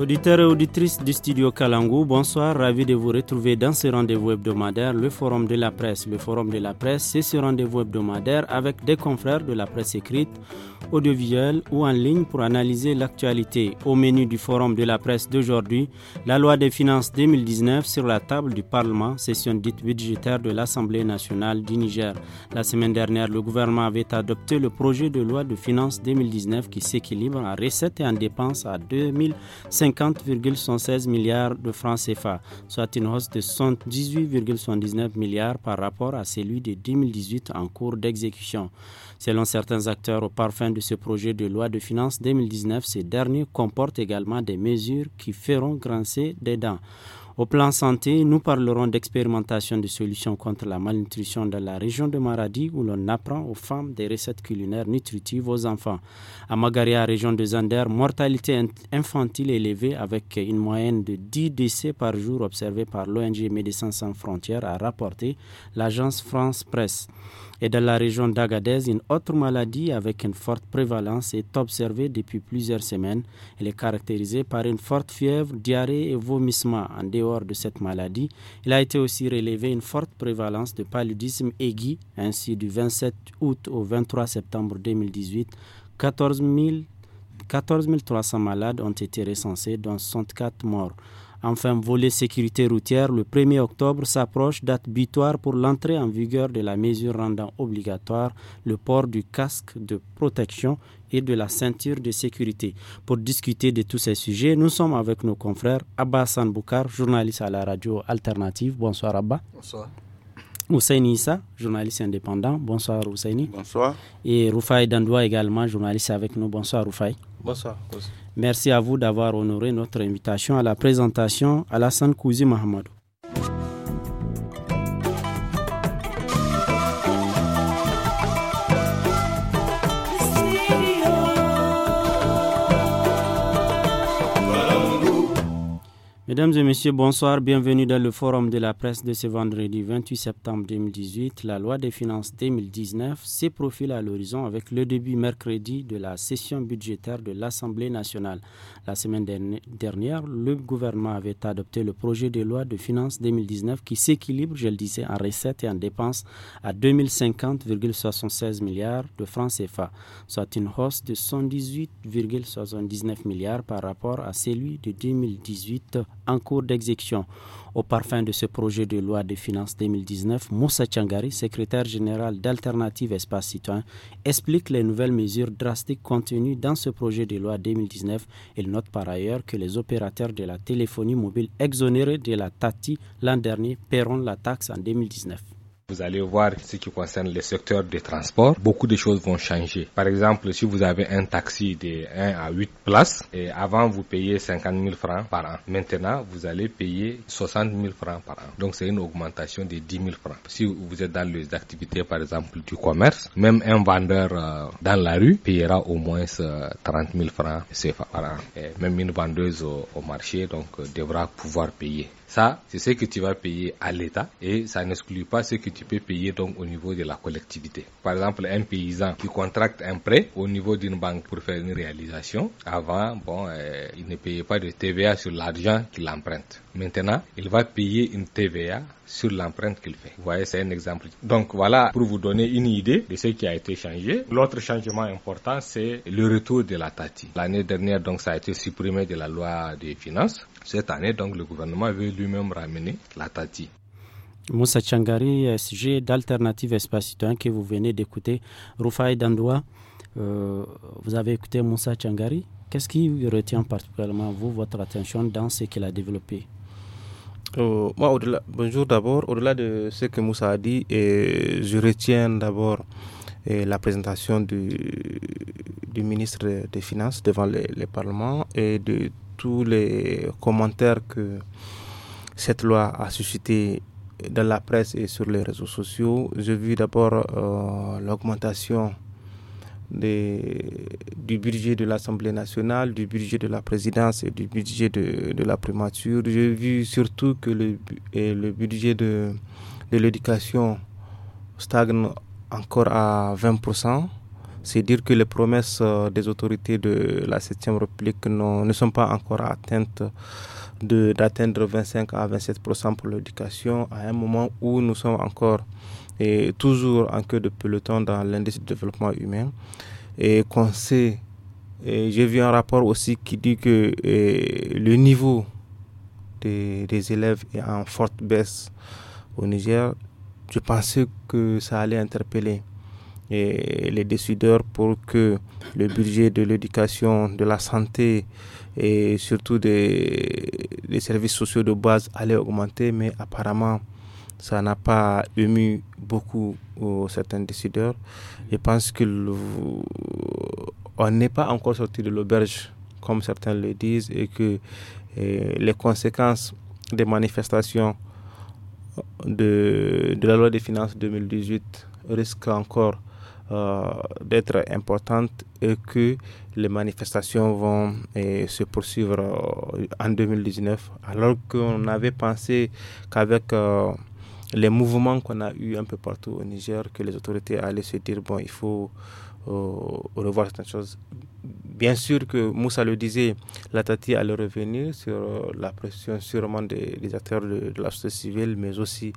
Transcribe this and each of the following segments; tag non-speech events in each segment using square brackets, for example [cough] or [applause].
Auditeurs et auditrices du studio Kalangou, bonsoir, ravi de vous retrouver dans ce rendez-vous hebdomadaire, le Forum de la presse. Le Forum de la presse, c'est ce rendez-vous hebdomadaire avec des confrères de la presse écrite, audiovisuelle ou en ligne pour analyser l'actualité. Au menu du Forum de la presse d'aujourd'hui, la loi des finances 2019 sur la table du Parlement, session dite budgétaire de l'Assemblée nationale du Niger. La semaine dernière, le gouvernement avait adopté le projet de loi de finances 2019 qui s'équilibre en recettes et en dépenses à 2050. 50,116 milliards de francs CFA, soit une hausse de 118,79 milliards par rapport à celui de 2018 en cours d'exécution. Selon certains acteurs, au parfum de ce projet de loi de finances 2019, ces derniers comportent également des mesures qui feront grincer des dents. Au plan santé, nous parlerons d'expérimentation de solutions contre la malnutrition dans la région de Maradi où l'on apprend aux femmes des recettes culinaires nutritives aux enfants. À Magaria, région de Zander, mortalité infantile élevée avec une moyenne de 10 décès par jour observée par l'ONG Médecins sans frontières a rapporté l'agence France Presse. Et dans la région d'Agadez, une autre maladie avec une forte prévalence est observée depuis plusieurs semaines. Elle est caractérisée par une forte fièvre, diarrhée et vomissement. En dehors de cette maladie, il a été aussi relevé une forte prévalence de paludisme aigu, ainsi du 27 août au 23 septembre 2018, 14 300 malades ont été recensés, dont 64 morts. Enfin, volet sécurité routière, le 1er octobre s'approche, date butoir pour l'entrée en vigueur de la mesure rendant obligatoire le port du casque de protection et de la ceinture de sécurité. Pour discuter de tous ces sujets, nous sommes avec nos confrères Abba Boukar, journaliste à la radio alternative. Bonsoir Abba. Bonsoir. Ousseini Issa, journaliste indépendant. Bonsoir Ousseini. Bonsoir. Et Roufaï Dandoua également, journaliste avec nous. Bonsoir Roufaï. Bonsoir. Merci à vous d'avoir honoré notre invitation à la présentation à la Kouzi Mahamadou. Mesdames et messieurs, bonsoir. Bienvenue dans le forum de la presse de ce vendredi 28 septembre 2018. La loi des finances 2019 se profile à l'horizon avec le début mercredi de la session budgétaire de l'Assemblée nationale. La semaine dernière, le gouvernement avait adopté le projet de loi de finances 2019 qui s'équilibre, je le disais, en recettes et en dépenses à 2050,76 milliards de francs CFA, soit une hausse de 118,79 milliards par rapport à celui de 2018 en cours d'exécution. Au parfum de ce projet de loi de finances 2019, Moussa Changari, secrétaire général d'Alternative Espace Citoyen, explique les nouvelles mesures drastiques contenues dans ce projet de loi 2019. Il note par ailleurs que les opérateurs de la téléphonie mobile exonérés de la TATI l'an dernier paieront la taxe en 2019. Vous allez voir ce qui concerne les secteurs des transports, beaucoup de choses vont changer. Par exemple, si vous avez un taxi de 1 à 8 places, et avant vous payez 50 000 francs par an. Maintenant, vous allez payer 60 000 francs par an. Donc c'est une augmentation de 10 000 francs. Si vous êtes dans les activités, par exemple, du commerce, même un vendeur euh, dans la rue payera au moins 30 euh, 000 francs par an. Et même une vendeuse au, marché donc euh, devra pouvoir payer. Ça, c'est ce que tu vas payer à l'État et ça n'exclut pas ce que tu peux payer donc au niveau de la collectivité. Par exemple, un paysan qui contracte un prêt au niveau d'une banque pour faire une réalisation, avant, bon, euh, il ne payait pas de TVA sur l'argent qu'il emprunte. Maintenant, il va payer une TVA sur l'empreinte qu'il fait. Vous voyez, c'est un exemple. Donc voilà, pour vous donner une idée de ce qui a été changé. L'autre changement important, c'est le retour de la TATI. L'année dernière, donc, ça a été supprimé de la loi des finances. Cette année, donc, le gouvernement veut lui-même ramener la Tati. Moussa Changari, euh, sujet d'alternative espace citoyen que vous venez d'écouter. Rufai Dandoua, euh, vous avez écouté Moussa Changari. Qu'est-ce qui retient particulièrement, vous, votre attention dans ce qu'il a développé euh, bonjour d'abord. Au-delà de ce que Moussa a dit, je retiens d'abord la présentation du, du ministre des Finances devant le, Parlement et de tous les commentaires que cette loi a suscité dans la presse et sur les réseaux sociaux. J'ai vu d'abord euh, l'augmentation du budget de l'Assemblée nationale, du budget de la présidence et du budget de, la primature. J'ai vu surtout que le, budget de l'éducation stagne encore à 20%. C'est dire que les promesses euh, des autorités de la 7e République ne sont pas encore atteintes d'atteindre 25 à 27 pour l'éducation à un moment où nous sommes encore et toujours en queue de peloton dans l'indice de développement humain et qu'on sait j'ai vu un rapport aussi qui dit que le niveau des, des, élèves est en forte baisse au Niger. Je pensais que ça allait interpeller les décideurs pour que le budget de l'éducation, de la santé et surtout des, services sociaux de base allait augmenter, mais apparemment ça n'a pas ému beaucoup euh, certains décideurs. Je pense que on n'est pas encore sorti de l'auberge, comme certains le disent, et que euh, les conséquences des manifestations de, de la loi des finances 2018 risquent encore euh, d'être importante et que les manifestations vont et, euh, se poursuivre euh, en 2019, alors qu'on avait pensé qu'avec les mouvements qu'on a eu un peu partout au Niger, que les autorités allaient se dire bon, il faut revoir certaines choses. Bien sûr que Moussa le disait, la Tati allait revenir sur la pression sûrement des, acteurs de, la société civile, mais aussi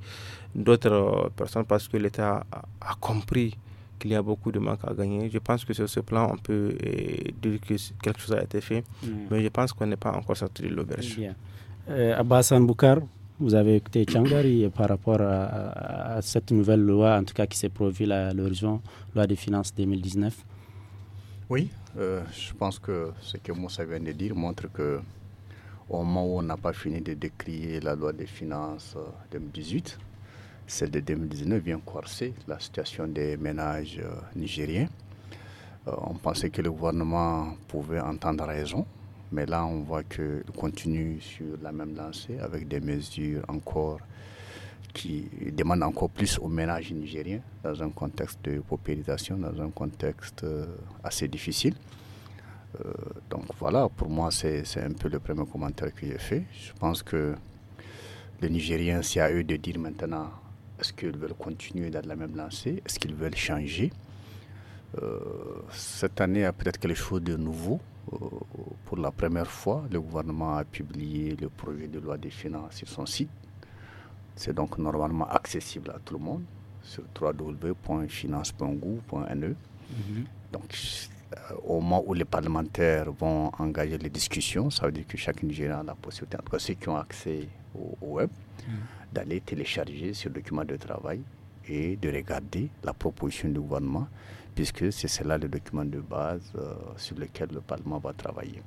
d'autres personnes parce que l'État a, compris qu'il y a beaucoup de manques à gagner. Je pense que sur ce plan, on peut euh, dire que quelque chose a été fait, mm. mais je pense qu'on n'est pas encore sorti de l'ouverture. Euh, Abbas Boukar, vous avez écouté Tchangari par rapport à, cette nouvelle loi, en tout cas qui s'est produite à l'horizon, loi des finances 2019. Oui, euh, je pense que ce que Moussa vient de dire montre que au moment où on n'a pas fini de décrire la loi des finances 2018, euh, celle de 2019 vient corser la situation des ménages euh, nigériens. Euh, on pensait que le gouvernement pouvait entendre raison, mais là on voit qu'il continue sur la même lancée avec des mesures encore qui demandent encore plus aux ménages nigériens dans un contexte de paupérisation, dans un contexte euh, assez difficile. donc voilà, pour moi, c'est un peu le premier commentaire que j'ai fait. Je pense que les Nigériens, c'est à eux de dire maintenant est-ce qu'ils veulent continuer dans la même lancée Est-ce qu'ils veulent changer euh, Cette année a peut-être quelque chose de nouveau. Euh, pour la première fois, le gouvernement a publié le projet de loi des finances sur son site. C'est donc normalement accessible à tout le monde sur www.finance.gouv.ne. Mm-hmm. Donc, euh, au moment où les parlementaires vont engager les discussions, ça veut dire que chaque Nigérian a la possibilité, en tout cas ceux qui ont accès au, web, mm d'aller télécharger ce document de travail et de regarder la proposition du gouvernement, puisque c'est cela le document de base euh, sur lequel le Parlement va travailler.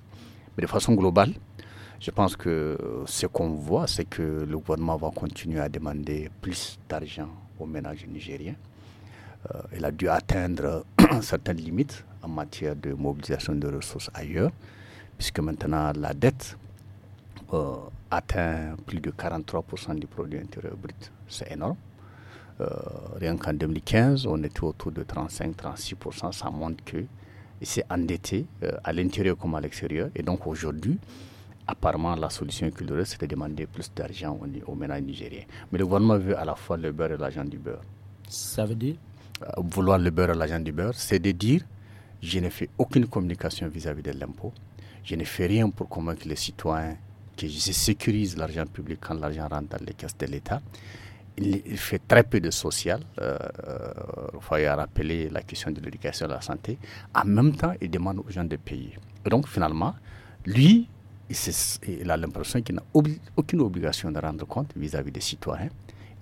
Mais de façon globale, je pense que euh, ce qu'on voit, c'est que le gouvernement va continuer à demander plus d'argent aux ménages nigériens. Euh, il a dû atteindre [clears throat] certaines limites en matière de mobilisation de ressources ailleurs, puisque maintenant la dette atteint plus de 43% du produit intérieur brut. C'est énorme. Euh, rien qu'en 2015, on était autour de 35-36%. Ça montre que c'est endetté euh, à l'intérieur comme à l'extérieur. Et donc aujourd'hui, apparemment, la solution culturelle, c'est de demander plus d'argent aux, au ménages nigériens. Mais le gouvernement veut à la fois le beurre et l'argent du beurre. Ça veut dire euh, Vouloir le beurre et l'agent du beurre, c'est de dire je ne fais aucune communication vis-à-vis -vis de l'impôt. Je ne fais rien pour convaincre les citoyens qui sécurise l'argent public quand l'argent rentre dans les caisses de l'État. Il, fait très peu de social. il faut y rappeler la question de l'éducation et de la santé. En même temps, il demande aux gens de payer. donc, finalement, lui, il, a l'impression qu'il n'a aucune obligation de rendre compte vis-à-vis des citoyens.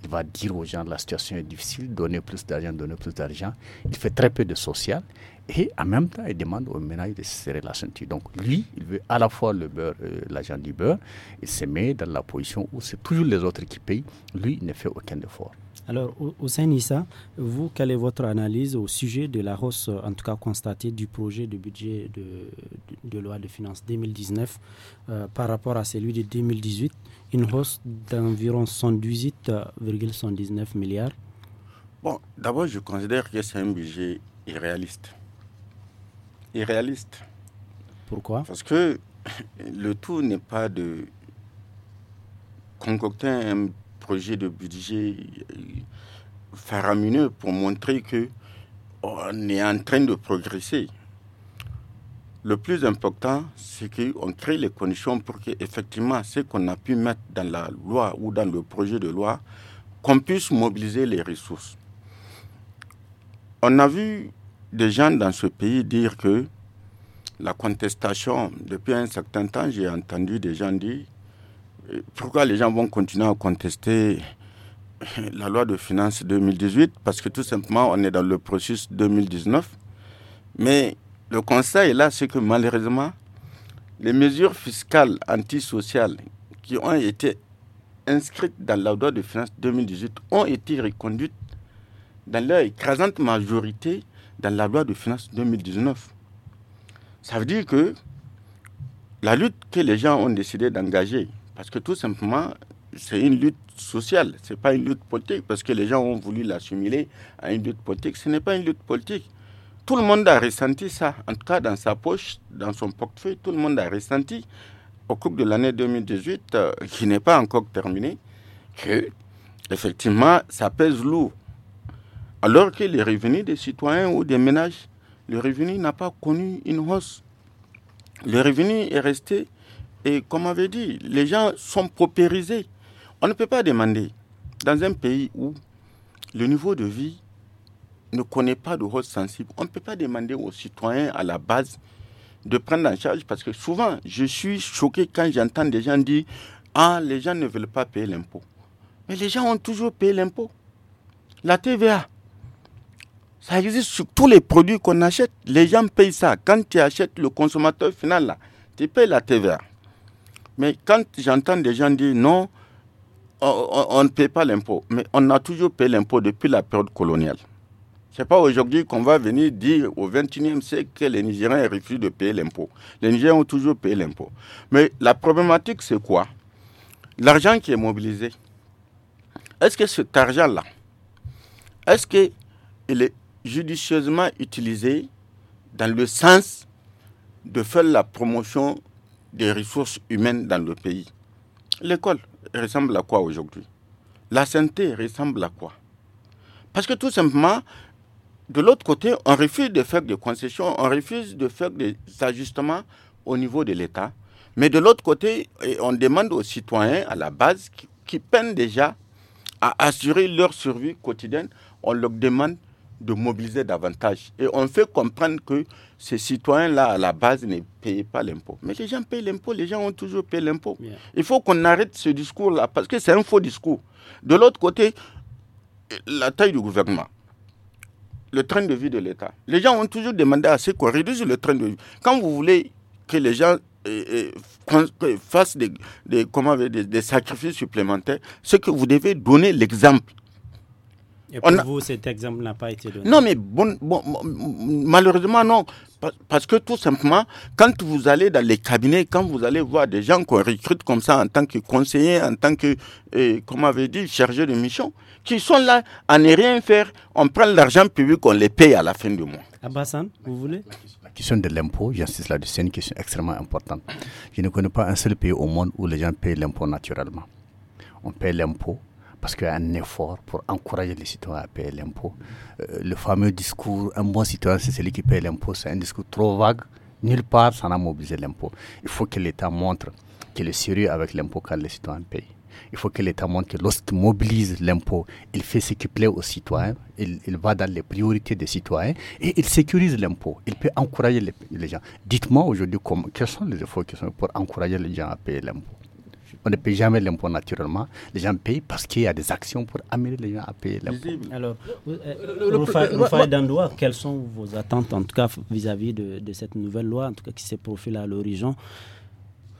Il va dire aux gens la situation est difficile, donner plus d'argent, donner plus d'argent. Il fait très peu de social. Et en même temps, il demande au ménage de serrer la ceinture. Donc lui, il veut à la fois le beurre, euh, l'agent du beurre, et se met dans la position où c'est toujours les autres qui payent. Lui, il ne fait aucun effort. Alors, sein Issa, vous, quelle est votre analyse au sujet de la hausse, en tout cas constatée, du projet de budget de, loi de finances 2019 euh, par rapport à celui de 2018, une hausse d'environ 118,119 milliards Bon, d'abord, je considère que c'est un budget irréaliste irréaliste. Pourquoi Parce que le tout n'est pas de concocter un projet de budget faramineux pour montrer que on est en train de progresser. Le plus important, c'est qu'on crée les conditions pour que effectivement ce qu'on a pu mettre dans la loi ou dans le projet de loi, qu'on puisse mobiliser les ressources. On a vu des gens dans ce pays dire que la contestation, depuis un certain temps, j'ai entendu des gens dire euh, pourquoi les gens vont continuer à contester [laughs] la loi de finances 2018 Parce que tout simplement, on est dans le processus 2019. Mais le conseil, là, c'est que malheureusement, les mesures fiscales antisociales qui ont été inscrites dans la loi de finances 2018 ont été reconduites dans leur écrasante majorité dans la loi de finances 2019. Ça veut dire que la lutte que les gens ont décidé d'engager, parce que tout simplement, c'est une lutte sociale, ce n'est pas une lutte politique, parce que les gens ont voulu l'assimiler à une lutte politique, ce n'est pas une lutte politique. Tout le monde a ressenti ça, en tout cas dans sa poche, dans son portefeuille, tout le monde a ressenti au cours de l'année 2018, euh, qui n'est pas encore terminée, que effectivement, ça pèse lourd alors que les revenus des citoyens ou des ménages, le revenu n'a pas connu une hausse. Le revenu est resté, et comme on avait dit, les gens sont paupérisés. On ne peut pas demander, dans un pays où le niveau de vie ne connaît pas de hausse sensible, on ne peut pas demander aux citoyens à la base de prendre en charge, parce que souvent, je suis choqué quand j'entends des gens dire, ah, les gens ne veulent pas payer l'impôt. Mais les gens ont toujours payé l'impôt. La TVA, ça existe sur tous les produits qu'on achète. Les gens payent ça. Quand tu achètes le consommateur final, là, tu payes la TVA. Mais quand j'entends des gens dire non, on ne paye pas l'impôt. Mais on a toujours payé l'impôt depuis la période coloniale. Ce n'est pas aujourd'hui qu'on va venir dire au XXIe siècle que les Nigériens refusent de payer l'impôt. Les Nigériens ont toujours payé l'impôt. Mais la problématique, c'est quoi L'argent qui est mobilisé. Est-ce que cet argent-là, est-ce qu'il est judicieusement utilisée dans le sens de faire la promotion des ressources humaines dans le pays. L'école ressemble à quoi aujourd'hui La santé ressemble à quoi Parce que tout simplement, de l'autre côté, on refuse de faire des concessions, on refuse de faire des ajustements au niveau de l'État. Mais de l'autre côté, on demande aux citoyens à la base qui, qui, peinent déjà à assurer leur survie quotidienne, on leur demande de mobiliser davantage. Et on fait comprendre que ces citoyens-là, à la base, ne payaient pas l'impôt. Mais les gens payent l'impôt, les gens ont toujours payé l'impôt. Il faut qu'on arrête ce discours-là, parce que c'est un faux discours. De l'autre côté, la taille du gouvernement, le train de vie de l'État. Les gens ont toujours demandé à ce qu'on réduise le train de vie. Quand vous voulez que les gens euh, euh, fassent des, comment, des, des sacrifices supplémentaires, c'est que vous devez donner l'exemple pour vous, cet exemple n'a pas été donné Non, mais malheureusement, non. Parce que tout simplement, quand vous allez dans les cabinets, quand vous allez voir des gens qu'on recrute comme ça en tant que conseiller, en tant que, comme euh, comme avait dit, chargé de mission, qui sont là à ne rien faire, on prend l'argent public, on les paye à la fin du mois. Abassan, vous voulez La question de l'impôt, j'insiste là-dessus, c'est une question extrêmement importante. Je ne connais pas un seul pays au monde où les gens payent l'impôt naturellement. On paye l'impôt parce qu'il y a un effort pour encourager les citoyens à payer l'impôt. Euh, le fameux discours, un bon citoyen, c'est celui qui paye l'impôt, c'est un discours trop vague. Nulle part, ça n'a mobilisé l'impôt. Il faut que l'État montre qu'il est sérieux avec l'impôt que les citoyens payent. Il faut que l'État montre que lorsqu'il mobilise l'impôt, il fait ce qui plaît aux citoyens, il, va dans les priorités des citoyens et il sécurise l'impôt. Il peut encourager les, les gens. Dites-moi aujourd'hui quels sont les efforts qui sont pour encourager les gens à payer l'impôt. On ne paye jamais l'impôt naturellement. Les gens payent parce qu'il y a des actions pour amener les gens à payer l'impôt. Alors, Rufai euh, droit. quelles sont vos attentes, en tout cas, vis-à-vis de, cette nouvelle loi, en tout cas, qui se profile à l'horizon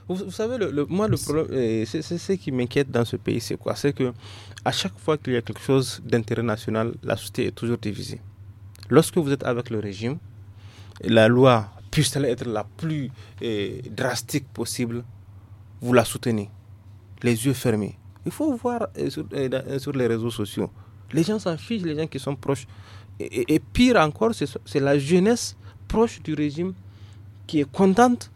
vous, savez, le, moi, le euh, c'est ce qui m'inquiète dans ce pays, c'est quoi C'est que à chaque fois qu'il y a quelque chose d'intérêt national, la société est toujours divisée. Lorsque vous êtes avec le régime, la loi puisse elle être la plus euh, drastique possible, vous la soutenez les yeux fermés. Il faut voir euh, euh, euh, sur, les réseaux sociaux. Les gens s'en fichent, les gens qui sont proches. Et, pire encore, c'est la jeunesse proche du régime qui est contente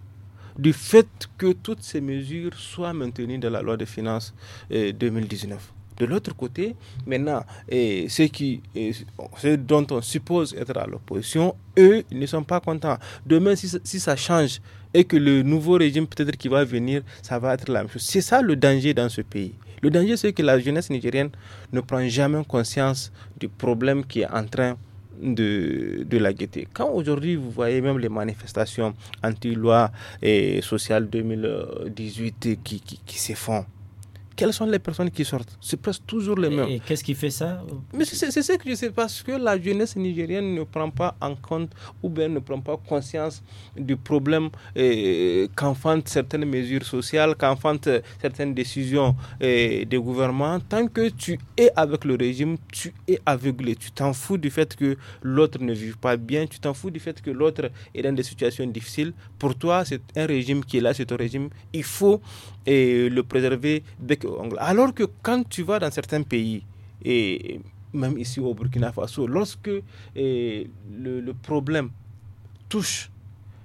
du fait que toutes ces mesures soient maintenues dans la loi de finances 2019. De l'autre côté, maintenant, et ceux, qui, ceux dont on suppose être à l'opposition, eux, ils ne sont pas contents. Demain, si, si ça change, et que le nouveau régime peut-être qui va venir, ça va être la même chose. C'est ça le danger dans ce pays. Le danger, c'est que la jeunesse nigérienne ne prend jamais conscience du problème qui est en train de, la guetter. Quand aujourd'hui, vous voyez même les manifestations anti-loi et sociales 2018 qui, qui, quelles sont les personnes qui sortent C'est presque toujours les mêmes. Et qu'est-ce qui fait ça Mais c'est ça que je sais, parce que la jeunesse nigérienne ne prend pas en compte ou bien ne prend pas conscience du problème eh, qu'enfantent certaines mesures sociales, qu'enfantent euh, certaines décisions euh, des gouvernements. Tant que tu es avec le régime, tu es aveuglé. Tu t'en fous du fait que l'autre ne vive pas bien, tu t'en fous du fait que l'autre est dans des situations difficiles. Pour toi, c'est un régime qui est là, c'est ton régime. Il faut et le préserver bec Alors que quand tu vas dans certains pays, et même ici au Burkina Faso, lorsque et le, le problème touche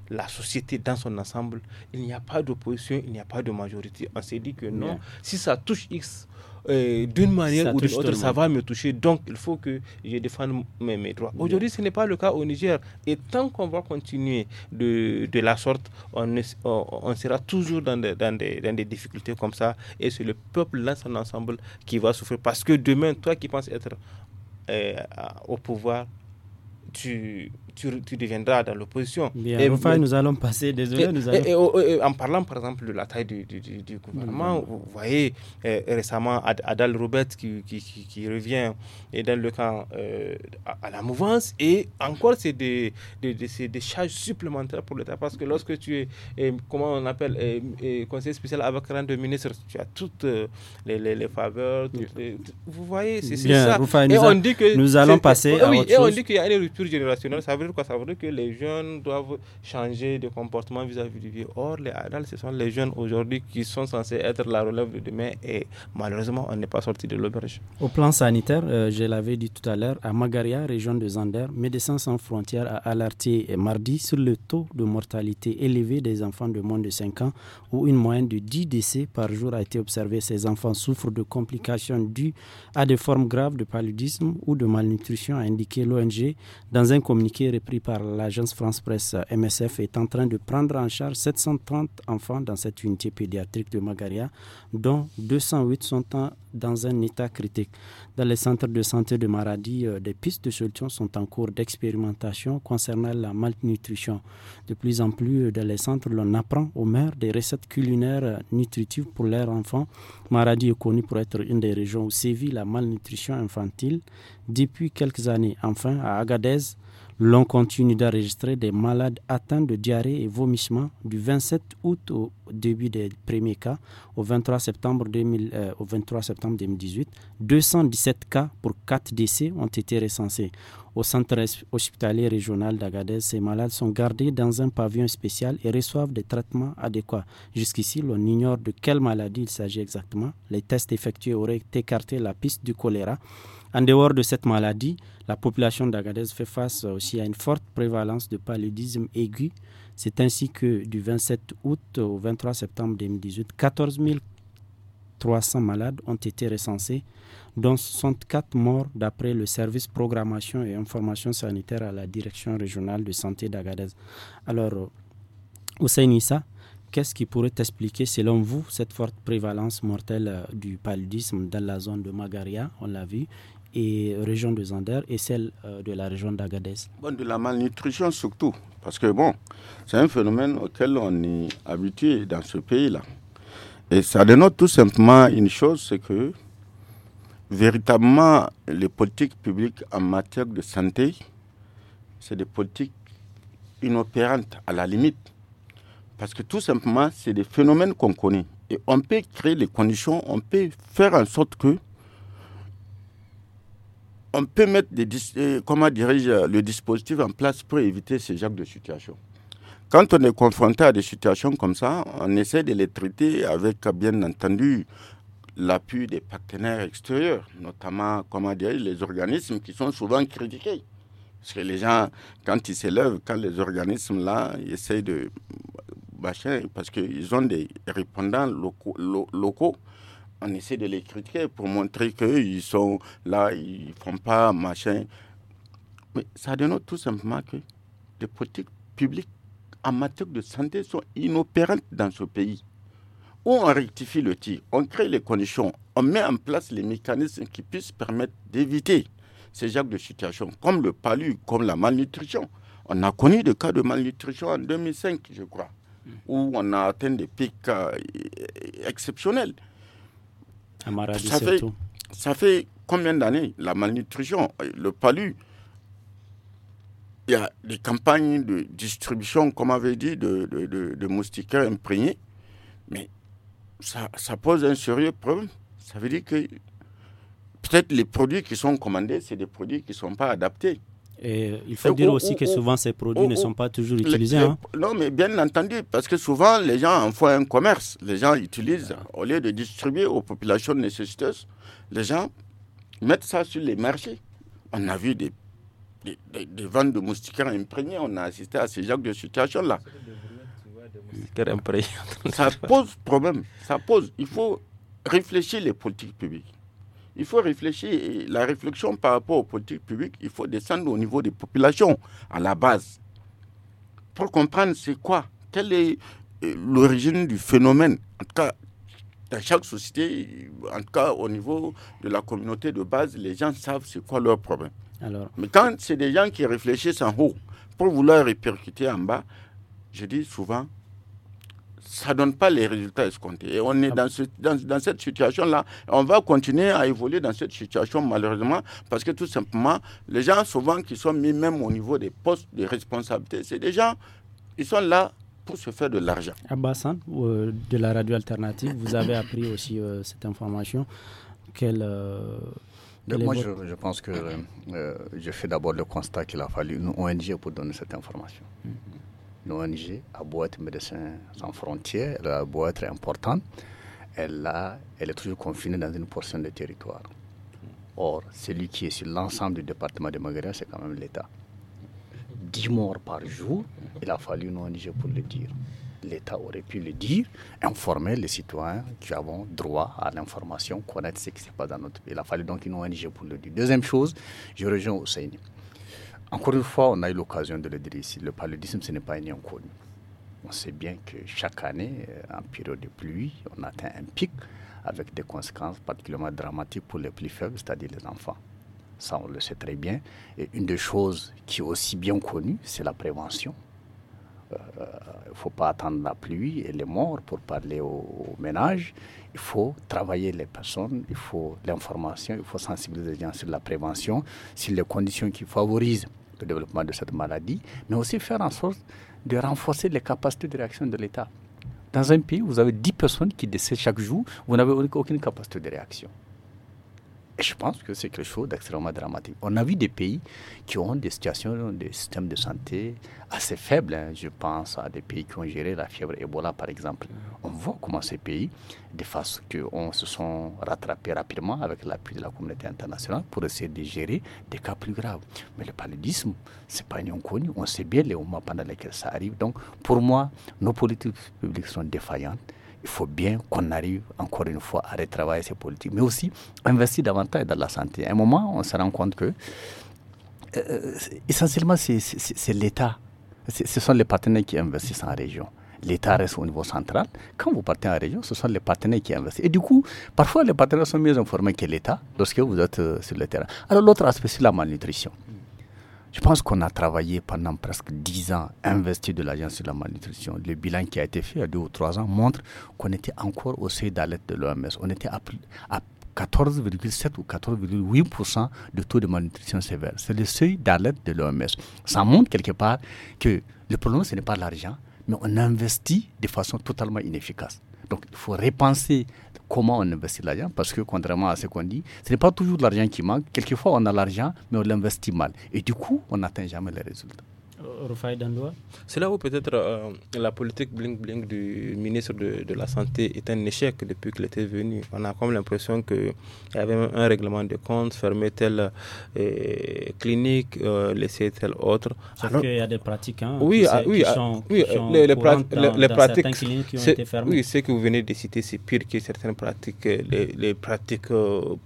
la société dans son ensemble, il n'y a pas d'opposition, il n'y a pas de majorité. On s'est dit que non, si ça touche X, euh, d'une manière ou d'une autre, ça va me toucher. Donc, il faut que je défende mes, droits. Aujourd'hui, ce n'est pas le cas au Niger. Et tant qu'on va continuer de, de la sorte, on, on, sera toujours dans des, dans, des, dans des, difficultés comme ça. Et c'est le peuple, l'ensemble ensemble, qui va souffrir. Parce que demain, toi qui penses être euh, au pouvoir, tu tu, deviendras dans l'opposition. Et enfin, nous allons passer, désolé, nous allons... en parlant, par exemple, de la taille du, gouvernement, mm. vous voyez eh, récemment Adal Robert qui, revient et dans le camp euh, à, la mouvance. Et encore, c'est des, des, charges supplémentaires pour l'État parce que lorsque tu es, eh, comment on appelle, eh, conseiller spécial avec 42 de tu as toutes euh, les, faveurs. vous voyez, c'est ça. et on dit que nous allons passer. et on dit qu'il y a une rupture générationnelle. Ça veut ça veut dire que les jeunes doivent changer de comportement vis-à-vis du vieux. Or, les adultes, ce sont les jeunes aujourd'hui qui sont censés être la relève de demain et malheureusement, on n'est pas sorti de l'auberge. Au plan sanitaire, euh, je l'avais dit tout à l'heure, à Magaria, région de Zander, Médecins sans frontières a alerté mardi sur le taux de mortalité élevé des enfants de moins de 5 ans où une moyenne de 10 décès par jour a été observée. Ces enfants souffrent de complications dues à des formes graves de paludisme ou de malnutrition, a indiqué l'ONG dans un communiqué pris par l'agence France Presse euh, MSF, est en train de prendre en charge 730 enfants dans cette unité pédiatrique de Magaria, dont 208 sont dans un état critique. Dans les centres de santé de Maradi, euh, des pistes de solutions sont en cours d'expérimentation concernant la malnutrition. De plus en plus, euh, dans les centres, l'on apprend aux mères des recettes culinaires nutritives pour leurs enfants. Maradi est connue pour être une des régions où sévit la malnutrition infantile depuis quelques années. Enfin, à Agadez, l'on continue d'enregistrer des malades atteints de diarrhée et vomissements du 27 août au début des premiers cas au 23 septembre, euh, au 23 septembre 2018. 217 cas pour 4 décès ont été recensés. Au centre hospitalier régional d'Agadez, ces malades sont gardés dans un pavillon spécial et reçoivent des traitements adéquats. Jusqu'ici, l'on ignore de quelle maladie il s'agit exactement. Les tests effectués auraient écarté la piste du choléra. En dehors de cette maladie, la population d'Agadez fait face aussi à une forte prévalence de paludisme aigu. C'est ainsi que du 27 août au 23 septembre 2018, 14 300 malades ont été recensés, dont 64 morts d'après le service programmation et information sanitaire à la direction régionale de santé d'Agadez. Alors, euh, Ousseinissa, qu'est-ce qui pourrait expliquer, selon vous, cette forte prévalence mortelle euh, du paludisme dans la zone de Magaria On l'a vu, et région de Zander et celle euh, de la région d'Agadez. Bon, de la malnutrition surtout, parce que bon, c'est un phénomène auquel on est habitué dans ce pays-là. Et ça dénote tout simplement une chose, c'est que véritablement les politiques publiques en matière de santé, c'est des politiques inopérantes à la limite. Parce que tout simplement, c'est des phénomènes qu'on connaît. Et on peut créer les conditions, on peut faire en sorte que on peut mettre euh, comment dirige euh, le dispositif en place pour éviter ce genre de situation. Quand on est confronté à des situations comme ça, on essaie de les traiter avec, bien entendu, l'appui des partenaires extérieurs, notamment, comment dire, les organismes qui sont souvent critiqués. Parce que les gens, quand ils s'élèvent, quand les organismes là, ils essayent de bâcher, parce qu'ils ont des répondants locaux on essaie de les critiquer pour montrer qu'ils sont là, ils font pas machin. Mais ça dénote tout simplement que les politiques publiques en matière de santé sont inopérantes dans ce pays. Où on rectifie le tir, on crée les conditions, on met en place les mécanismes qui puissent permettre d'éviter ces genres de situations, comme le palu, comme la malnutrition. On a connu des cas de malnutrition en 2005, je crois, mm. où on a atteint des pics euh, exceptionnels ça, fait, combien d'années la malnutrition, le palu il y a des campagnes de distribution, comme avait dit, de, de, moustiquaires imprégnés. Mais ça, ça, pose un sérieux problème. Ça veut dire que peut-être les produits qui sont commandés, c'est des produits qui ne sont pas adaptés. Et il faut dire aussi que souvent ces produits ne sont pas toujours utilisés. Hein. Non, mais bien entendu, parce que souvent les gens en font un commerce. Les gens utilisent, au lieu de distribuer aux populations nécessiteuses, les gens mettent ça sur les marchés. On a vu des, ventes de moustiquaires imprégnés, on a assisté à ces genre de situation-là. Ça pose problème, ça pose. Il faut réfléchir les politiques publiques il faut réfléchir. la réflexion par rapport aux politiques publiques, il faut descendre au niveau des populations, à la base, pour comprendre c'est quoi, quelle est euh, l'origine du phénomène. En tout cas, dans chaque société, en tout cas au niveau de la communauté de base, les gens savent c'est quoi leur problème. Alors... Mais quand c'est des gens qui réfléchissent en haut pour vouloir répercuter en bas, je dis souvent, ça ne donne pas les résultats escomptés. Et on est ah dans, dans, cette situation-là. On va continuer à évoluer dans cette situation, malheureusement, parce que tout simplement, les gens, souvent, qui sont mis même au niveau des postes de responsabilité, c'est des gens, ils sont là pour se faire de l'argent. Abbasan, euh, de la radio alternative, vous avez appris aussi euh, cette information. Quelle. Euh, moi, je, pense que je fais d'abord le constat qu'il a fallu une ONG pour donner cette information. Mm-hmm l'ONG, la boîte Médecins sans frontières, la boîte est importante, elle, elle est toujours confinée dans une portion de territoire. Or, celui qui est sur l'ensemble du département de Maghreb, c'est quand même l'État. 10 morts par jour, il a fallu une ONG pour le dire. L'État aurait pu le dire, informer les citoyens qui avons droit à l'information, connaître ce qui se passe dans notre pays. Il a fallu donc une ONG pour le dire. Deuxième chose, je rejoins Hussein. Encore une fois, on a eu l'occasion de le dire ici, le paludisme, ce n'est pas une On sait bien que chaque année, euh, en période de pluie, on atteint un pic avec des conséquences particulièrement dramatiques pour les plus faibles, c'est-à-dire les enfants. Ça, on le sait très bien. Et une des choses qui est aussi bien connue, c'est la prévention. Euh, il ne faut pas attendre la pluie et les morts pour parler au, au ménage. Il faut travailler les personnes, il faut l'information, il faut sensibiliser les gens sur la prévention, sur les conditions qui favorisent le développement de cette maladie, mais aussi faire en sorte de renforcer les capacités de réaction de l'État. Dans un pays, vous avez 10 personnes qui décèdent chaque jour, vous n'avez aucune capacité de réaction. Et je pense que c'est quelque chose d'extrêmement dramatique. On a vu des pays qui ont des situations, des systèmes de santé assez faibles. Hein. Je pense à des pays qui ont géré la fièvre Ebola, par exemple. On voit comment ces pays, de façon qu'on se sont rattrapés rapidement avec l'appui de la communauté internationale pour essayer de gérer des cas plus graves. Mais le paludisme, ce n'est pas une inconnue. On sait bien les moments pendant lesquels ça arrive. Donc, pour moi, nos politiques publiques sont défaillantes il faut bien qu'on arrive encore une fois à retravailler ces politiques, mais aussi investir davantage dans la santé. À un moment, on se rend compte que euh, euh, essentiellement, c'est l'État, ce sont les partenaires qui investissent en région. L'État reste au niveau central. Quand vous partez en région, ce sont les partenaires qui investissent. Et du coup, parfois, les partenaires sont mieux informés que l'État lorsque vous êtes euh, sur le terrain. Alors, l'autre aspect, c'est la malnutrition. Je pense qu'on a travaillé pendant presque 10 ans, investi de l'Agence sur la malnutrition. Le bilan qui a été fait il y a 2 ou 3 ans montre qu'on était encore au seuil d'alerte de l'OMS. On était à, 14,7 ou 14,8% de taux de malnutrition sévère. C'est le seuil d'alerte de l'OMS. Ça montre quelque part que le problème, ce n'est pas l'argent, mais on investit de façon totalement inefficace. Donc, il faut repenser comment on investit l'argent, parce que contrairement à ce qu'on dit, ce n'est pas toujours de l'argent qui manque. Quelquefois, on a l'argent, mais on l'investit mal. Et du coup, on n'atteint jamais les résultats. C'est là où peut-être euh, la politique bling-bling du ministre de, la Santé est un échec depuis qu'il était venu. On a comme l'impression qu'il y avait un règlement de compte, fermer telle euh, clinique, euh, laisser telle autre. Sauf qu'il y a des pratiques ah, oui, qui, oui, ah, sont, oui, les, pratiques qui ont été fermées. Oui, ce que vous venez de citer, c'est pire que certaines pratiques, les, les pratiques,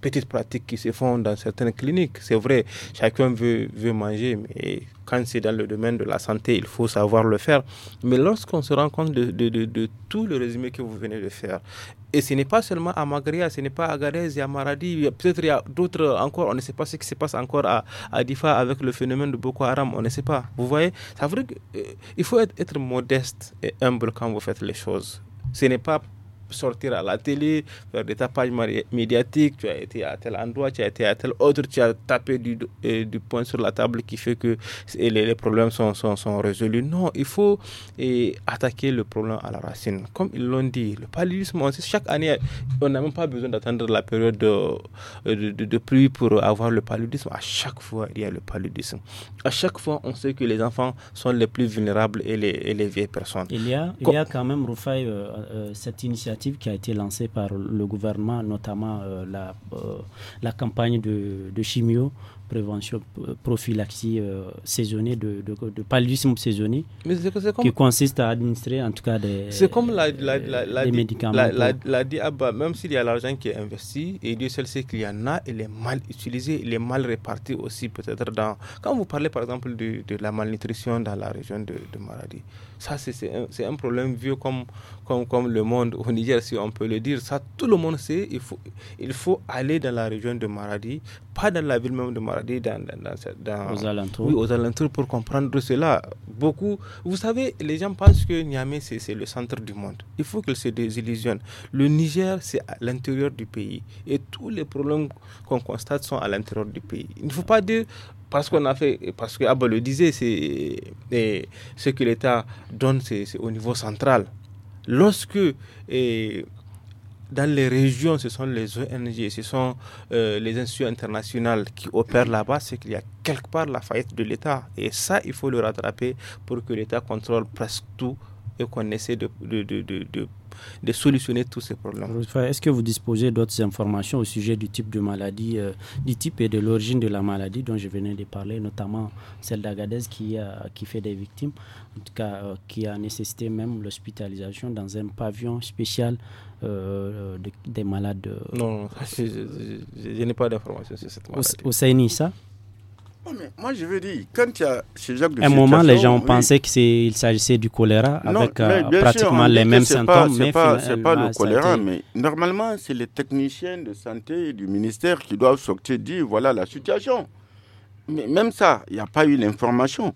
petites pratiques qui se font dans certaines cliniques. C'est vrai, chacun veut, veut manger, mais quand c'est dans le domaine de la santé, il faut savoir le faire. Mais lorsqu'on se rend compte de, tout le résumé que vous venez de faire, et ce n'est pas seulement à Magria, ce n'est pas à Gadez et à Maradi, peut-être il y a d'autres encore, on ne sait pas ce qui se passe encore à, à Difa avec le phénomène de Boko Haram, on ne sait pas. Vous voyez, ça veut dire qu'il euh, faut être, être modeste et humble quand vous faites les choses. Ce n'est pas sortir à la télé, faire des tapages médiatiques, tu as été à tel endroit, tu as été à tel autre, tu as tapé du, du euh, point sur la table qui fait que les, les problèmes sont, sont, sont, résolus. Non, il faut et, attaquer le problème à la racine. Comme ils l'ont dit, le paludisme, chaque année, on n'a même pas besoin d'attendre la période euh, de, de, de, pluie pour avoir le paludisme. À chaque fois, il y a le paludisme. À chaque fois, on sait que les enfants sont les plus vulnérables et les, les vieilles personnes. Il y a, il y a quand même, Rufai, euh, cette initiative qui a été lancée par le gouvernement, notamment euh, la, euh, la, campagne de, chimio, prévention, euh, prophylaxie saisonnée, de, paludisme saisonnier, qui consiste à administrer en tout cas des, c'est comme la, médicaments. La, DIABA, même s'il y a l'argent qui est investi, et Dieu seul sait qu'il y en a, il est mal utilisé, il est mal réparti aussi peut-être dans... Quand vous parlez par exemple de, la malnutrition dans la région de, de Maradi, ça, c'est un, un, problème vieux comme, comme, le monde au Niger, si on peut le dire. Ça, tout le monde sait. Il faut, il faut aller dans la région de Maradi, pas dans la ville même de Maradi, dans, dans, dans, aux, alentours. Oui, aux alentours, pour comprendre cela. Beaucoup, vous savez, les gens pensent que Niamey, c'est le centre du monde. Il faut qu'ils se désillusionnent. Le Niger, c'est à l'intérieur du pays. Et tous les problèmes qu'on constate sont à l'intérieur du pays. Il ne faut pas dire parce qu'on a fait, parce que le disait, c'est ce que l'État donne, c'est au niveau central. Lorsque dans les régions, ce sont les ONG, ce sont euh, les institutions internationales qui opèrent là-bas, c'est qu'il y a quelque part la faillite de l'État. Et ça, il faut le rattraper pour que l'État contrôle presque tout et qu'on essaie de de solutionner tous ces problèmes. Est-ce que vous disposez d'autres informations au sujet du type de maladie, euh, du type et de l'origine de la maladie dont je venais de parler, notamment celle d'Agadez qui, qui fait des victimes, en tout cas euh, qui a nécessité même l'hospitalisation dans un pavillon spécial euh, des malades Non, [laughs] je, n'ai pas d'informations sur cette maladie. Au, au moi, je veux dire, quand il y a ce genre de À un moment, les gens ont pensé qu'il s'agissait du choléra avec euh, pratiquement hein, les mêmes symptômes. Ce n'est pas, euh, le choléra, mais normalement, c'est les techniciens de santé du ministère qui doivent sortir dire voilà la situation. Mais même ça, il n'y a pas eu l'information.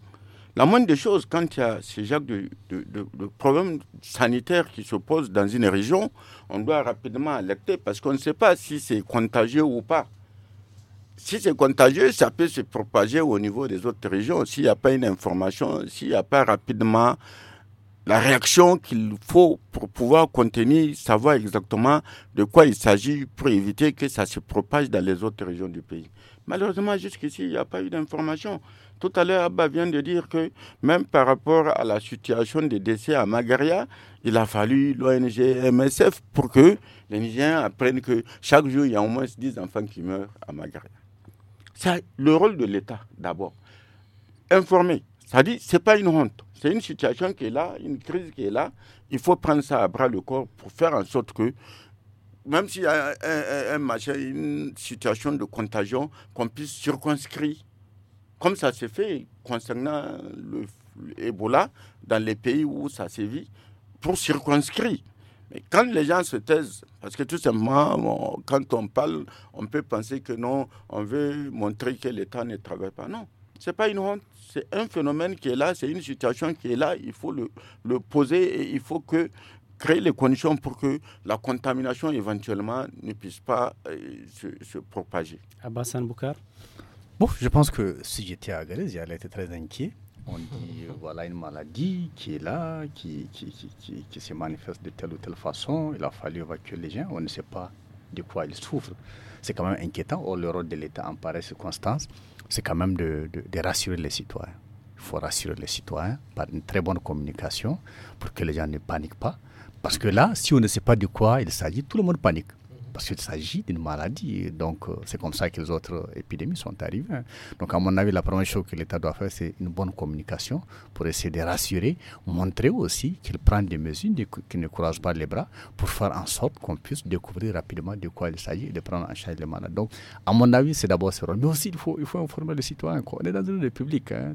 La moindre des choses, quand il y a ce genre de, de, de, de problème sanitaire qui se pose dans une région, on doit rapidement alerter parce qu'on ne sait pas si c'est contagieux ou pas si c'est contagieux, ça peut se propager au niveau des autres régions. S'il n'y a pas une information, s'il n'y a pas rapidement la réaction qu'il faut pour pouvoir contenir, savoir exactement de quoi il s'agit pour éviter que ça se propage dans les autres régions du pays. Malheureusement, jusqu'ici, il n'y a pas eu d'information. Tout à l'heure, Abba vient de dire que même par rapport à la situation des décès à Magaria, il a fallu l'ONG MSF pour que les Nigériens apprennent que chaque jour, il y a au moins 10 enfants qui meurent à Magaria le rôle de l'État d'abord. Informer, ça ce c'est pas une honte. C'est une situation qui est là, une crise qui est là. Il faut prendre ça à bras le corps pour faire en sorte que, même s'il y a un, un, une situation de contagion, qu'on puisse circonscrire, comme ça s'est fait concernant l'Ebola le Ebola dans les pays où ça sévit, pour circonscrire mais quand les gens se taisent, parce que tout simplement, quand on parle, on peut penser que non, on veut montrer que l'État ne travaille pas. Non, ce n'est pas une honte, c'est un phénomène qui est là, c'est une situation qui est là, il faut le, poser et il faut que créer les conditions pour que la contamination éventuellement ne puisse pas euh, se, propager. Abbas Boukar Bon, je pense que si j'étais à Grèce, j'allais être très inquiet on dit euh, voilà une maladie qui est là, qui, qui, se manifeste de telle ou telle façon, il a fallu évacuer les gens, on ne sait pas de quoi ils souffrent. C'est quand même inquiétant. Or, le rôle de l'État en pareille circonstance, c'est quand même de rassurer les citoyens. Il faut rassurer les citoyens par une très bonne communication pour que les gens ne paniquent pas. Parce que là, si on ne sait pas de quoi il s'agit, tout le monde panique parce qu'il s'agit d'une maladie. Donc, euh, c'est comme ça que les autres épidémies sont arrivées. Donc, à mon avis, la première chose que l'État doit faire, c'est une bonne communication pour essayer de rassurer, montrer aussi qu'il prend des mesures, qu'il ne courage pas les bras, pour faire en sorte qu'on puisse découvrir rapidement de quoi il s'agit et de prendre en charge les malades. Donc, à mon avis, c'est d'abord ce rôle. Mais aussi, il faut, il faut informer les citoyens. On est dans une république. Hein.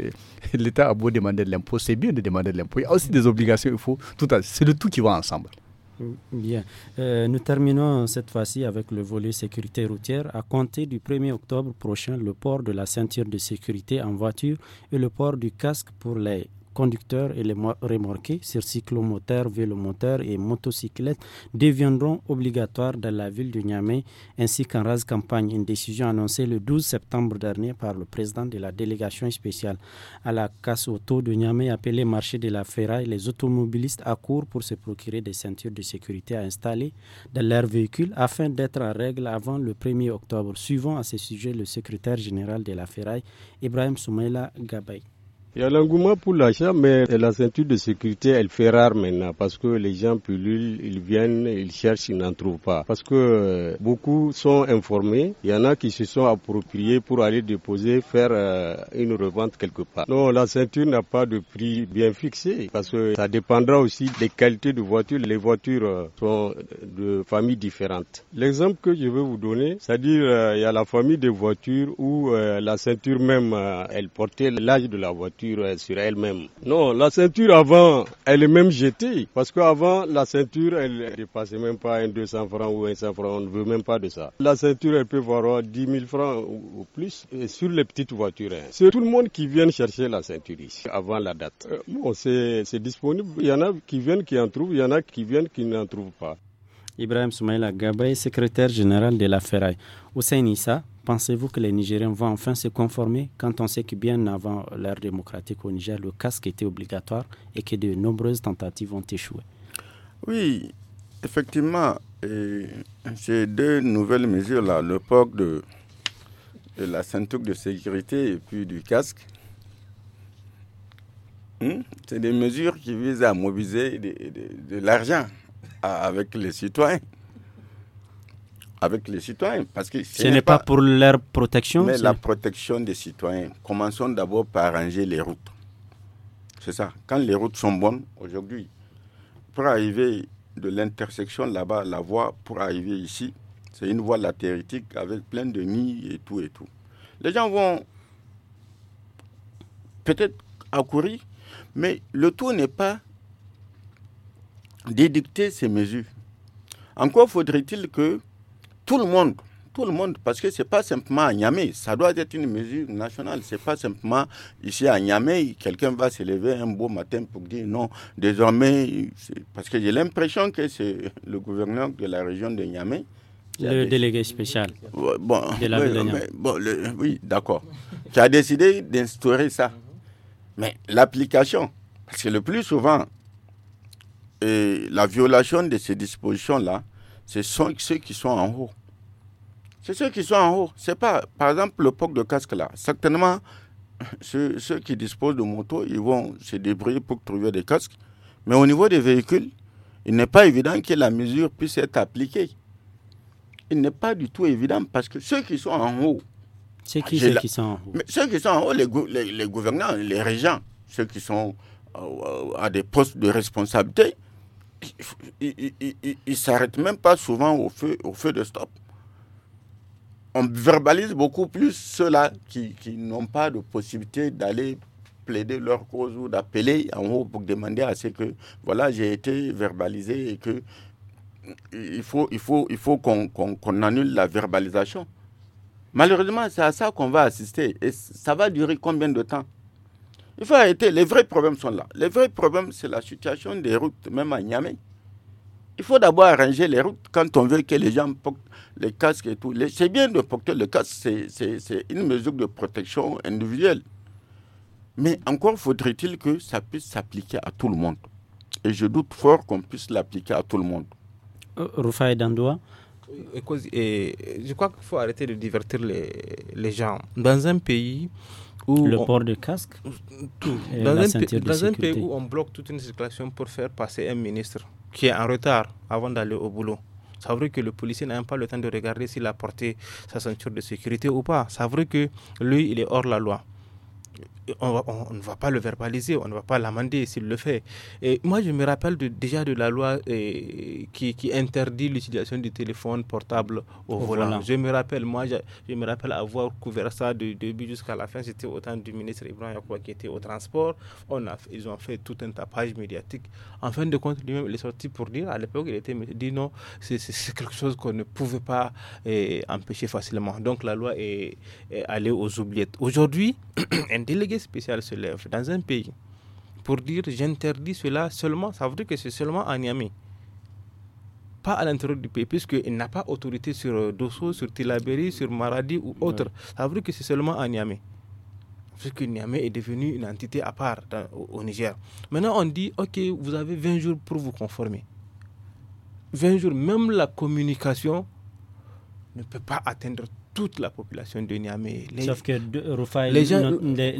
[laughs] L'État a beau demander de l'impôt, c'est bien de demander de l'impôt. Il y a aussi des obligations, il faut tout C'est le tout qui va ensemble. Bien. Euh, nous terminons cette fois-ci avec le volet sécurité routière. À compter du 1er octobre prochain, le port de la ceinture de sécurité en voiture et le port du casque pour les conducteurs et les remorqués sur cyclomoteurs, vélomoteurs et motocyclettes deviendront obligatoires dans la ville de Niamey ainsi qu'en rase campagne. Une décision annoncée le 12 septembre dernier par le président de la délégation spéciale à la casse auto de Niamey appelée marché de la ferraille. Les automobilistes accourent pour se procurer des ceintures de sécurité à installer dans leurs véhicules afin d'être en règle avant le 1er octobre. Suivant à ce sujet le secrétaire général de la ferraille, Ibrahim Soumaïla Gabay. Il y a l'engouement pour l'achat, mais la ceinture de sécurité, elle fait rare maintenant parce que les gens pullulent, ils viennent, ils cherchent, ils n'en trouvent pas. Parce que euh, beaucoup sont informés, il y en a qui se sont appropriés pour aller déposer, faire euh, une revente quelque part. Non, la ceinture n'a pas de prix bien fixé parce que ça dépendra aussi des qualités de voiture. Les voitures euh, sont de familles différentes. L'exemple que je vais vous donner, c'est-à-dire il y a la famille des voitures où la ceinture même, elle portait l'âge de la voiture sur elle-même. Non, la ceinture avant, elle est même jetée. Parce qu'avant, la ceinture, elle ne dépassait même pas un 200 francs ou un 100 francs. On ne veut même pas de ça. La ceinture, elle peut valoir 10 000 francs ou plus sur les petites voitures. Hein. C'est tout le monde qui vient chercher la ceinture ici, avant la date. Euh, bon, c'est disponible. Il y en a qui viennent, qui en trouvent. Il y en a qui viennent, qui n'en trouvent pas. Ibrahim Soumaïla Gabay, secrétaire général de la Ferraille. Hussein Issa, Pensez-vous que les Nigériens vont enfin se conformer quand on sait que bien avant l'ère démocratique au Niger, le casque était obligatoire et que de nombreuses tentatives ont échoué Oui, effectivement, ces deux nouvelles mesures-là, l'époque de, la ceinture de sécurité et puis du casque, hmm, c'est des mesures qui visent à mobiliser de l'argent avec les citoyens avec les citoyens. Parce que ce, n'est pas, pour leur protection Mais la protection des citoyens. Commençons d'abord par arranger les routes. C'est ça. Quand les routes sont bonnes, aujourd'hui, pour arriver de l'intersection là-bas, la voie pour arriver ici, c'est une voie latéritique avec plein de nids et tout et tout. Les gens vont peut-être accourir, mais le tout n'est pas d'édicter ces mesures. Encore faudrait-il que tout le monde, tout le monde, parce que ce n'est pas simplement à Niamey, ça doit être une mesure nationale, ce n'est pas simplement ici à Niamey, quelqu'un va se lever un beau matin pour dire non, désormais, parce que j'ai l'impression que c'est le gouverneur de la région de Niamey. Le délégué spécial oui, mais, oui, d'accord. Qui a décidé d'instaurer ça. Mais l'application, parce que le plus souvent, et la violation de ces dispositions-là, c'est ceux qui sont en haut. C'est ceux qui sont en haut. C'est pas, par exemple, le POC de casque là. Certainement, ceux, qui disposent de motos, ils vont se débrouiller pour trouver des casques. Mais au niveau des véhicules, il n'est pas évident que la mesure puisse être appliquée. Il n'est pas du tout évident parce que ceux qui sont en haut. C'est qui ceux qui sont en haut Mais Ceux qui sont en haut, les gouvernants, les régents, ceux qui sont euh, euh, à des postes de responsabilité, ils ne s'arrêtent même pas souvent au feu, au feu de stop. On verbalise beaucoup plus ceux-là qui, n'ont pas de possibilité d'aller plaider leur cause ou d'appeler en haut pour demander à ce que, voilà, j'ai été verbalisé et que il faut, il faut, il faut qu'on annule la verbalisation. Malheureusement, c'est à ça qu'on va assister. Et ça va durer combien de temps il faut arrêter. Les vrais problèmes sont là. Les vrais problèmes, c'est la situation des routes, même à Niamey. Il faut d'abord arranger les routes quand on veut que les gens portent les casques et tout. C'est bien de porter le casque, c'est une mesure de protection individuelle. Mais encore faudrait-il que ça puisse s'appliquer à tout le monde. Et je doute fort qu'on puisse l'appliquer à tout le monde. Euh, Rufai Dandoua Je crois qu'il faut arrêter de divertir les gens. Dans un pays, le port de casque Tout. Dans, un, pays où on bloque toute une circulation pour faire passer un ministre qui est en retard avant d'aller au boulot. Ça veut dire que le policier n'a même pas le temps de regarder s'il a porté sa ceinture de sécurité ou pas. Ça veut dire que lui, il est hors la loi on, ne va pas le verbaliser, on ne va pas l'amender s'il le fait. Et moi, je me rappelle déjà de la loi euh, qui, interdit l'utilisation du téléphone portable au, volant. Je me rappelle, moi, je, me rappelle avoir couvert ça du début jusqu'à la fin. C'était au temps du ministre Ibrahim qui était au transport. On a, ils ont fait tout un tapage médiatique. En fin de compte, lui-même, il est sorti pour dire, à l'époque, il était dit non, c'est quelque chose qu'on ne pouvait pas euh, empêcher facilement. Donc la loi est allée aux oubliettes. Aujourd'hui, [clears throat] un délégué spécial se lève dans un pays pour dire j'interdis cela seulement, ça veut dire que c'est seulement à Niamey, pas à l'intérieur du pays, puisqu'il n'a pas autorité sur euh, Dosso, sur Tilaberi, sur Maradi ou autre. Ça veut dire que c'est seulement à Niamey. Parce que Niamey est devenu une entité à part au, au, Niger. Maintenant, on dit, OK, vous avez 20 jours pour vous conformer. 20 jours, même la communication ne peut pas atteindre toute la population de Niamey. Sauf que de, Rufa, les, gens,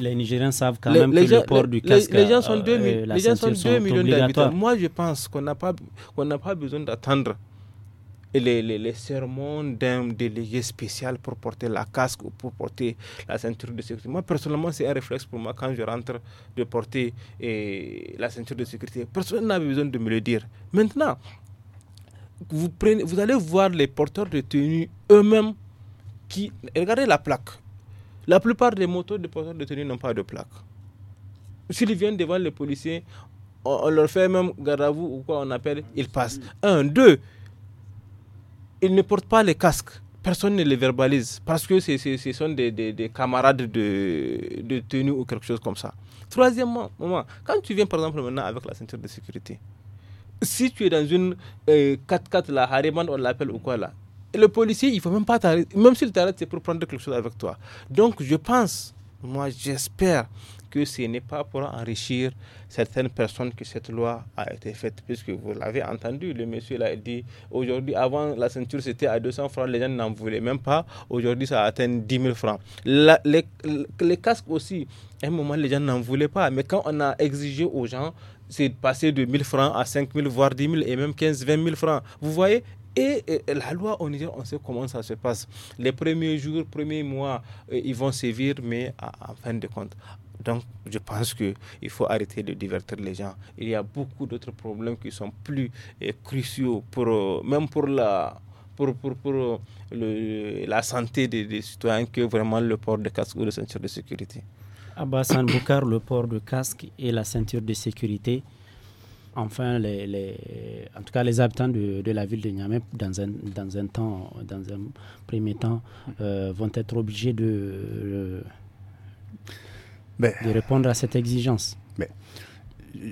les, Nigériens savent quand même que le port du casque. Les, gens sont 2 euh, millions d'habitants. Moi, je pense qu'on n'a pas, pas besoin d'attendre les, sermons d'un délégué spécial pour porter la casque ou pour porter la ceinture de sécurité. Moi, personnellement, c'est un réflexe pour moi quand je rentre de porter et la ceinture de sécurité. Personne n'a besoin de me le dire. Maintenant, vous, prenez, vous allez voir les porteurs de tenue eux-mêmes Regardez la plaque. La plupart des motos de porteurs de tenue n'ont pas de plaque. S'ils viennent devant les policiers, on, leur fait même garde vous ou quoi on appelle, ils passent. Un, deux, ils ne portent pas les casques. Personne ne les verbalise parce que ce sont des, camarades de, de tenue ou quelque chose comme ça. Troisièmement, moment. quand tu viens par exemple maintenant avec la ceinture de sécurité, si tu es dans une 4x4, la Hariman, on l'appelle ou quoi là, le policier, il faut même pas t'arrêter. Même s'il t'arrête, c'est pour prendre quelque chose avec toi. Donc, je pense, moi, j'espère que ce n'est pas pour enrichir certaines personnes que cette loi a été faite, puisque vous l'avez entendu, le monsieur l'a dit, aujourd'hui, avant la ceinture c'était à 200 francs, les gens n'en voulaient même pas, aujourd'hui ça atteint 10 000 francs. les, casques aussi, à un moment les gens n'en voulaient pas, mais quand on a exigé aux gens, c'est passer de 1 000 francs à 5 000, voire 10 000 et même 15 000, 20 000 francs. Vous voyez, et, la loi on sait comment ça se passe. Les premiers jours, premiers mois, euh, ils vont sévir, mais en fin de compte, donc, je pense qu'il faut arrêter de divertir les gens. Il y a beaucoup d'autres problèmes qui sont plus euh, cruciaux, pour, euh, même pour la, pour, pour, pour le, la santé des, citoyens, que vraiment le port de casque ou la ceinture de sécurité. Abbas Boukar, le port de casque et la ceinture de sécurité, enfin, les, en tout cas, les habitants de, la ville de Niamey, dans un, dans un, temps, dans un premier temps, euh, vont être obligés euh, de, répondre à cette exigence. Mais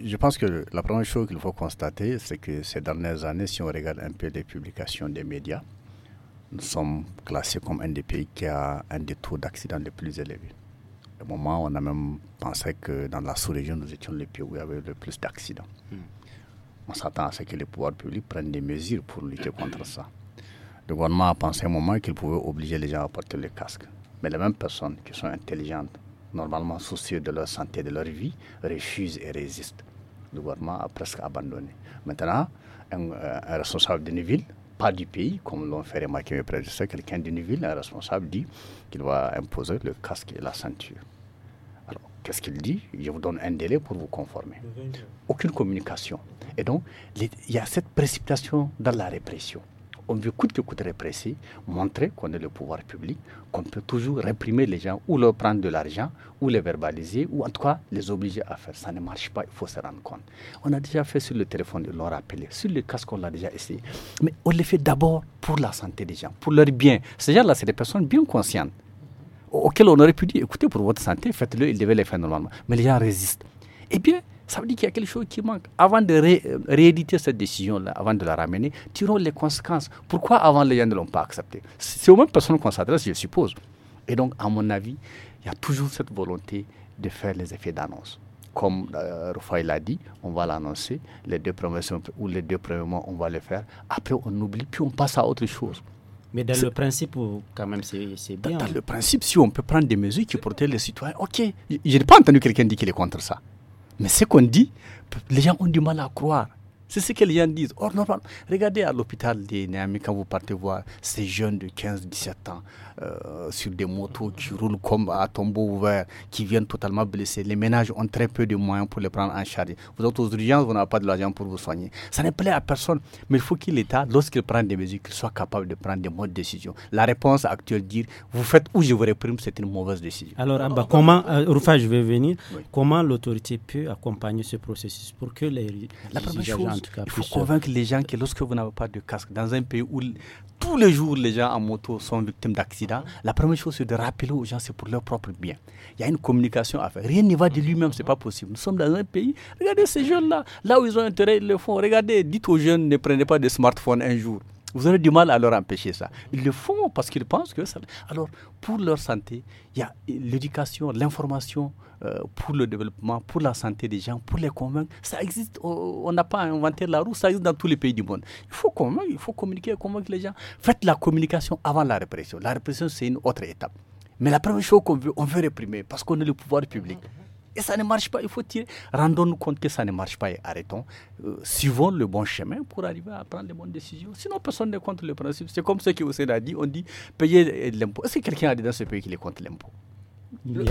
je pense que la première chose qu'il faut constater, c'est que ces dernières années, si on regarde un peu les publications des médias, nous sommes classés comme un des pays qui a un des taux d'accident les plus élevés moment, on a même pensé que dans la sous-région, nous étions les pays où il y avait le plus d'accidents. Hmm. On s'attend à ce que les pouvoirs publics prennent des mesures pour lutter contre ça. Le gouvernement a pensé à un moment qu'il pouvait obliger les gens à porter le casque. Mais les mêmes personnes qui sont intelligentes, normalement soucieuses de leur santé et de leur vie, refusent et résistent. Le gouvernement a presque abandonné. Maintenant, un, euh, responsable d'une ville pas du pays, comme l'ont fait remarquer mes prédécesseurs, quelqu'un d'une ville, un responsable dit qu'il va imposer le casque et la ceinture. Qu'est-ce qu'il dit Je vous donne un délai pour vous conformer. Aucune communication. Et donc, il y a cette précipitation dans la répression. On veut coûte que coûte répresser, montrer qu'on est le pouvoir public, qu'on peut toujours réprimer les gens, ou leur prendre de l'argent, ou les verbaliser, ou en tout cas les obliger à faire. Ça ne marche pas, il faut se rendre compte. On a déjà fait sur le téléphone, ils l'ont rappelé, sur le casque, on l'a déjà essayé. Mais on le fait d'abord pour la santé des gens, pour leur bien. Ces gens-là, c'est des personnes bien conscientes auquel on aurait pu dire, écoutez, pour votre santé, faites-le, il devait les faire normalement. Mais les gens résistent. Eh bien, ça veut dire qu'il y a quelque chose qui manque. Avant de euh, rééditer cette décision-là, avant de la ramener, tirons les conséquences. Pourquoi avant les gens ne l'ont pas accepté C'est aux mêmes personnes qu'on s'adresse, je suppose. Et donc, à mon avis, il y a toujours cette volonté de faire les effets d'annonce. Comme euh, l'a dit, on va l'annoncer, les deux premiers ou les deux premiers mois, on va le faire. Après, on oublie, puis on passe à autre chose. Mais dans le principe, quand même, c'est bien. Dans, le principe, si on peut prendre des mesures qui protègent les citoyens, ok. Je n'ai pas entendu quelqu'un dire qu'il est contre ça. Mais ce qu'on dit, les gens ont du mal à croire. C'est ce que les gens disent. Or, normalement, regardez à l'hôpital des Néami, quand vous partez voir ces jeunes de 15-17 ans euh, sur des motos qui roulent comme à tombeau ouvert, qui viennent totalement blessés. Les ménages ont très peu de moyens pour les prendre en charge. Vous êtes aux urgences, vous n'avez pas de l'argent pour vous soigner. Ça ne plaît à personne, mais il faut que l'État, lorsqu'il prend des mesures, qu'il soit capable de prendre des bonnes décisions. La réponse actuelle, dire vous faites où je vous réprime, c'est une mauvaise décision. Alors, comment, euh, Rufa, je vais venir, comment l'autorité peut accompagner ce processus pour que les. La première chose, en tout cas, il faut convaincre les gens que lorsque vous n'avez pas de casque, dans un pays où tous les jours, les gens en moto sont victimes d'accidents. La première chose, c'est de rappeler aux gens, c'est pour leur propre bien. Il y a une communication à faire. Rien n'y va de lui-même, ce c'est pas possible. Nous sommes dans un pays. Regardez ces jeunes-là, là où ils ont intérêt, ils le font. Regardez, dites aux jeunes, ne prenez pas de smartphone un jour. Vous aurez du mal à leur empêcher ça. Ils le font parce qu'ils pensent que ça... Alors, pour leur santé, il y a l'éducation, l'information euh, pour le développement, pour la santé des gens, pour les convaincre. Ça existe, on n'a pas inventé la roue, ça existe dans tous les pays du monde. Il faut convaincre, il faut communiquer, convaincre les gens. Faites la communication avant la répression. La répression, c'est une autre étape. Mais la première chose qu'on veut, on veut réprimer parce qu'on est le pouvoir public et ça ne marche pas. Il faut tirer. Rendons-nous compte que ça ne marche pas et arrêtons. Euh, suivons le bon chemin pour arriver à prendre les bonnes décisions. Sinon, personne n'est contre le principe. C'est comme ce que vous a dit on dit payer l'impôt. Est-ce que quelqu'un a dit dans ce pays qu'il est contre l'impôt le,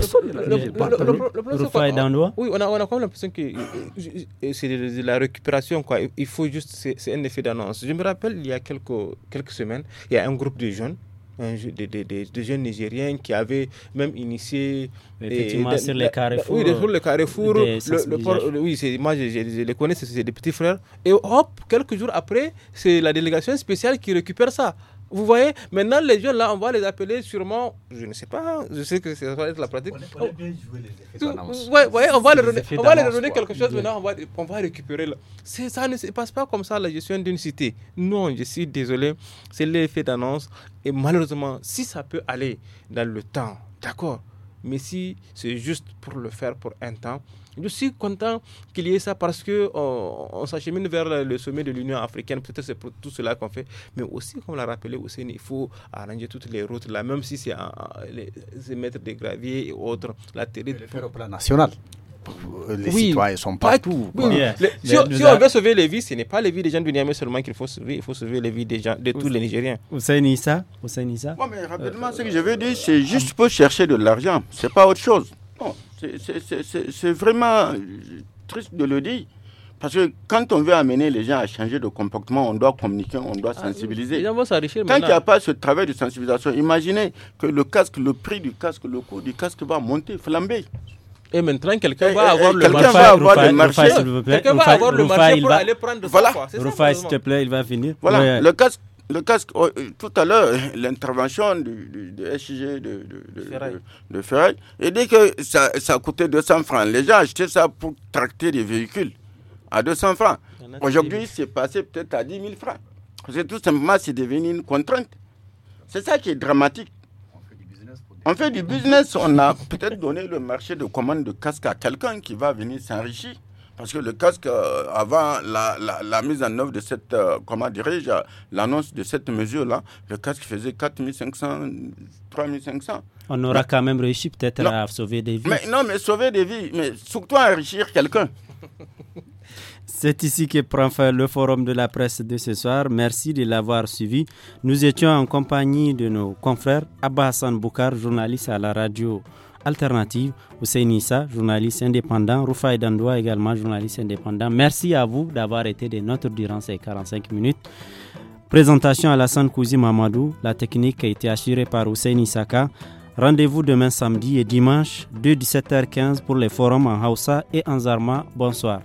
oui, on a, on a quand même l'impression que euh, euh, c'est de, la récupération. Quoi. Il faut juste, c'est un effet d'annonce. Je me rappelle, il y a quelques semaines, il y a un groupe de jeunes des, jeunes Nigériens qui avaient même initié. Effectivement, sur les carrefours. Oui, les carrefours. Le, le oui, moi je, les connais, c'est des petits frères. Et hop, quelques jours après, c'est la délégation spéciale qui récupère ça. Vous voyez, maintenant les jeunes là, on va les appeler sûrement, je ne sais pas, je sais que ça va être la pratique. On, on va les donner, quelque chose maintenant, on va, on récupérer. ça ne se passe pas comme ça la gestion d'une cité. Non, je suis désolé, c'est l'effet d'annonce et malheureusement, si ça peut aller dans le temps, d'accord mais si c'est juste pour le faire pour un temps, je suis content qu'il y ait ça parce que euh, on, s'achemine vers le sommet de l'Union africaine. Peut-être c'est pour tout cela qu'on fait, mais aussi, comme l'a rappelé Hussein, il faut arranger toutes les routes là, même si c'est mettre des graviers et autres. La télé. de le faire au plan national les oui. citoyens sont partout. si, on, veut sauver les vies, ce n'est pas les vies des gens du Niamey seulement qu'il faut sauver, il faut sauver les vies des gens, de tous les Nigériens. vous Issa, mais rapidement, euh, ce que je veux dire, c'est juste pour chercher de l'argent, ce n'est pas autre chose. c'est vraiment triste de le dire. Parce que quand on veut amener les gens à changer de comportement, on doit communiquer, on doit ah, sensibiliser. quand il n'y a hein. pas ce travail de sensibilisation, imaginez que le casque, le prix du casque, le coût du casque va monter, flamber. Et eh, maintenant, quelqu'un eh, va avoir le marché. Quelqu'un va avoir le marché pour aller prendre voilà. ça. s'il te plaît, il va finir. Voilà, le casque le casque, oh, tout à l'heure, l'intervention du, SIG SG de, Ferraille. et il dit que ça, ça coûtait 200 francs. Les gens achetaient ça pour tracter des véhicules à 200 francs. Aujourd'hui, c'est passé peut-être à 10 000 francs. C'est tout simplement, c'est devenu une contrainte. C'est ça qui est dramatique. On fait du business, on a peut-être donné le marché de commande de casque à quelqu'un qui va venir s'enrichir. Parce que le casque, euh, avant la, la, mise en œuvre de cette, euh, comment dirais-je, l'annonce de cette mesure-là, le casque faisait 4500, 3500. On aura quand même réussi peut-être à sauver des vies. Mais, non, mais sauver des vies, mais surtout enrichir quelqu'un. C'est ici que prend fin le forum de la presse de ce soir. Merci de l'avoir suivi. Nous étions en compagnie de nos confrères Abba Hassan Boukar, journaliste à la radio alternative, Hussein Issa, journaliste indépendant, Rufai Dandoua également, journaliste indépendant. Merci à vous d'avoir été des notre durant ces 45 minutes. Présentation à la Sankouzi Mamadou, la technique a été assurée par Hussein Issaka. Rendez-vous demain samedi et dimanche de 17h15 pour les forums en Hausa et en Zarma. Bonsoir.